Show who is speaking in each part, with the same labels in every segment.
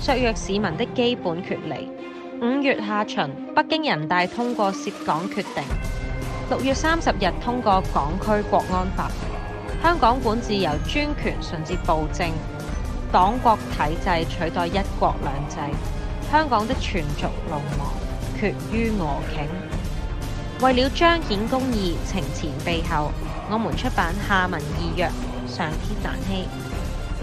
Speaker 1: 削弱市民的基本權利。五月下旬，北京人大通過涉港決定；六月三十日通過港區國安法。香港管治由專權順至暴政，黨國體制取代一國兩制。香港的全族淪亡，決於俄頃。為了彰顯公義，懲前毖後，我們出版下文義約，上天難欺。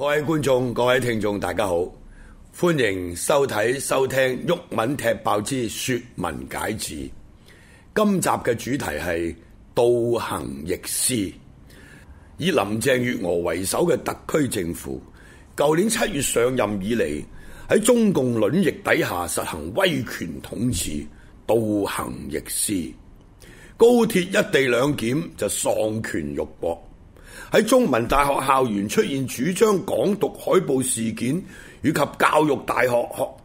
Speaker 2: 各位觀眾、各位聽眾，大家好，歡迎收睇、收聽《毓民踢爆之說文解字》。今集嘅主題係倒行逆施，以林鄭月娥為首嘅特區政府，舊年七月上任以嚟，喺中共卵翼底下實行威權統治，倒行逆施，高鐵一地兩檢就喪權辱國。喺中文大學校園出現主張港獨海報事件，以及教育大學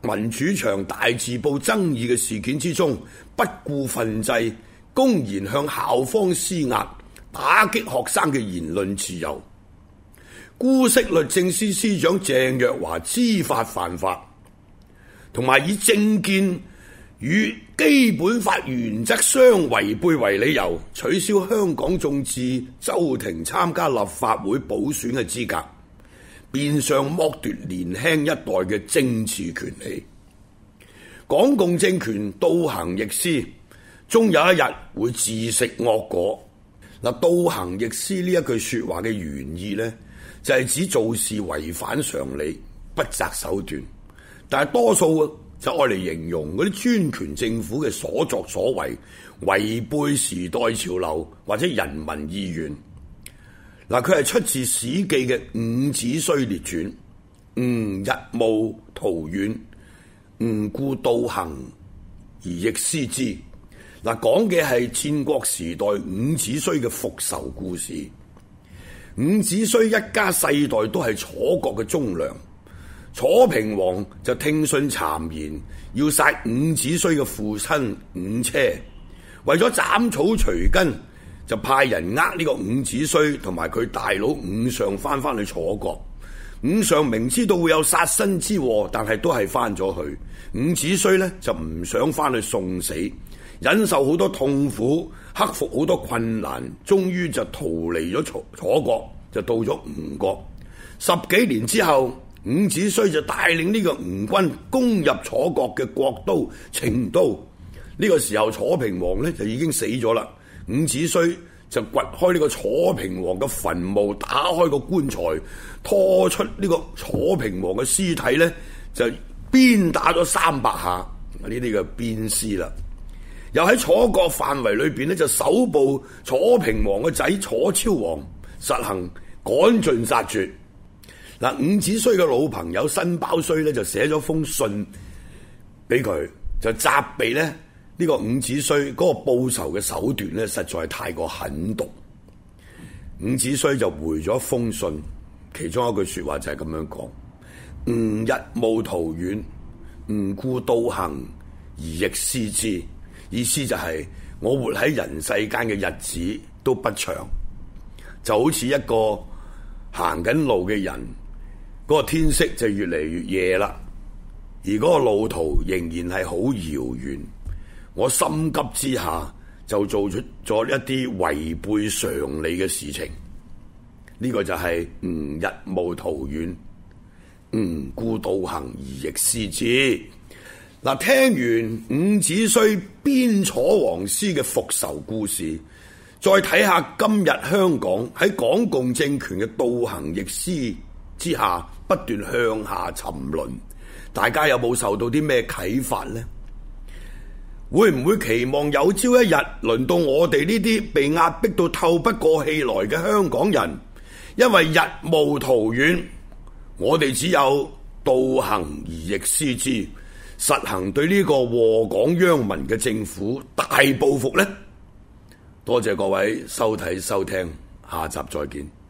Speaker 2: 民主牆大字報爭議嘅事件之中，不顧份際，公然向校方施壓，打擊學生嘅言論自由。姑息律政司司長鄭若驊知法犯法，同埋以政見。與基本法原則相違背為理由，取消香港眾志周庭參加立法會補選嘅資格，變相剝奪年輕一代嘅政治權利。港共政權倒行逆施，終有一日會自食惡果。嗱，倒行逆施呢一句說話嘅原意呢，就係、是、指做事違反常理，不擇手段。但係多數就愛嚟形容嗰啲專權政府嘅所作所為，違背時代潮流或者人民意願。嗱，佢係出自《史記》嘅《伍子胥列傳》，嗯，日暮途遠，吾、嗯、故倒行而逆施之。嗱，講嘅係戰國時代伍子胥嘅復仇故事。伍子胥一家世代都係楚國嘅忠良。楚平王就聽信讒言，要殺伍子胥嘅父親伍奢。為咗斬草除根，就派人呃呢個伍子胥同埋佢大佬伍尚翻翻去楚國。伍尚明知道會有殺身之禍，但係都係翻咗去。伍子胥呢就唔想翻去送死，忍受好多痛苦，克服好多困難，終於就逃離咗楚楚國，就到咗吳國。十幾年之後。伍子胥就帶領呢個吳軍攻入楚國嘅國都程都，呢個時候楚平王呢就已經死咗啦。伍子胥就掘開呢個楚平王嘅墳墓，打開個棺材，拖出呢個楚平王嘅屍體呢就鞭打咗三百下，呢啲叫鞭屍啦。又喺楚國範圍裏邊呢就搜捕楚平王嘅仔楚昭王，實行趕盡殺絕。嗱，伍子胥嘅老朋友申包胥咧就寫咗封信俾佢，就責備咧呢個伍子胥嗰個報仇嘅手段咧實在太過狠毒。伍子胥就回咗封信，其中一句說話就係咁樣講：吾日暮途遠，吾故倒行而逆施之。意思就係、是、我活喺人世間嘅日子都不長，就好似一個行緊路嘅人。嗰個天色就越嚟越夜啦，而嗰個路途仍然係好遙遠。我心急之下就做出咗一啲違背常理嘅事情，呢、這個就係吾日暮途遠，吾故倒行而逆施之。嗱，聽完伍子胥鞭楚王屍嘅復仇故事，再睇下今日香港喺港共政權嘅倒行逆施之下，不斷向下沉淪，大家有冇受到啲咩啟發呢？會唔會期望有朝一日輪到我哋呢啲被壓迫到透不過氣來嘅香港人，因為日暮途遠，我哋只有倒行而逆施之，實行對呢個禍港殃民嘅政府大報復呢。多謝各位收睇
Speaker 1: 收聽，下集再見。